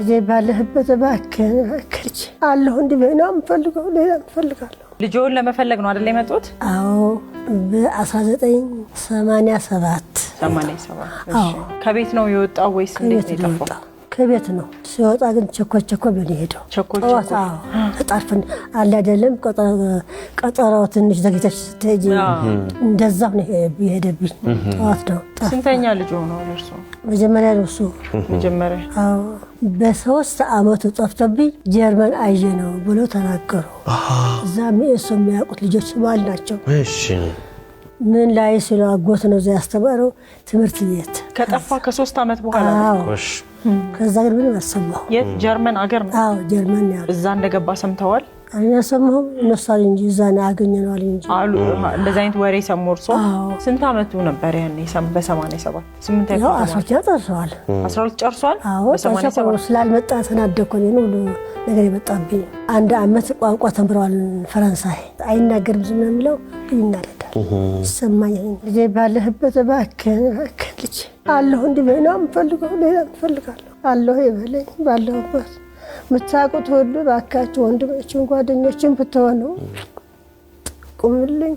ልጄ ባለህበት እባክህ እባክህ አለሁ እንዲህ በይ ነው የምፈልገው፣ ሌላ እምፈልጋለሁ። ልጆውን ለመፈለግ ነው አይደል የመጡት? አዎ በ1987 ከቤት ነው የወጣው ወይስ እንዴት ነው የጠፋው? ከቤት ነው ሲወጣ ግን ቸኮ ቸኮ ብሎ ሄደው ተጣርፍን አለ አይደለም። ቀጠሮ ትንሽ ዘግይተሽ ስትሄጂ እንደዛ ነው የሄደብኝ። ጠዋት ነው። ስንተኛ ልጅ ሆነ እርሱ? መጀመሪያ ነው እሱ መጀመሪያ። በሶስት አመቱ ጠፍቶብኝ ጀርመን አየ ነው ብሎ ተናገሩ። እዛ እሱ የሚያውቁት ልጆች ማል ናቸው ምን ላይ ሲሉ አጎት ነው እዛ ያስተማረው ትምህርት ቤት ከጠፋ ከሶስት ዓመት በኋላ ነው። ከዛ ግን ምንም አልሰማሁም። የት ጀርመን አገር ነው? ጀርመን ነው። እዛ እንደገባ ሰምተዋል? እኔ አልሰማሁም። እነሳል እንጂ እዛ ነው ያገኘነዋል እንጂ አሉ። እንደዚ አይነት ወሬ ሰሙ። እርሶ ስንት ዓመቱ ነበር ያኔ? በሰማንያ ሰባት ስምንት አስራ ጨርሰዋል። አስራ ሁለት ጨርሷል። ስላልመጣ ተናደኩ። እኔ ሁሉ ነገር የመጣብኝ። አንድ አመት ቋንቋ ተምረዋል። ፈረንሳይ አይናገርም ዝም የሚለው ግን ይናደድ ይሰማኛል። ልጄ ባለህበት እባክህን እባክህን ልጄ አለሁ እንዲህ በይ ነው የምፈልገው፣ ሌላ እፈልጋለሁ አለሁ ይበለኝ ባለሁበት የምታውቁት ሁሉ እባካችሁ ወንድሞችን ጓደኞችን ብትሆኑ ቁምልኝ።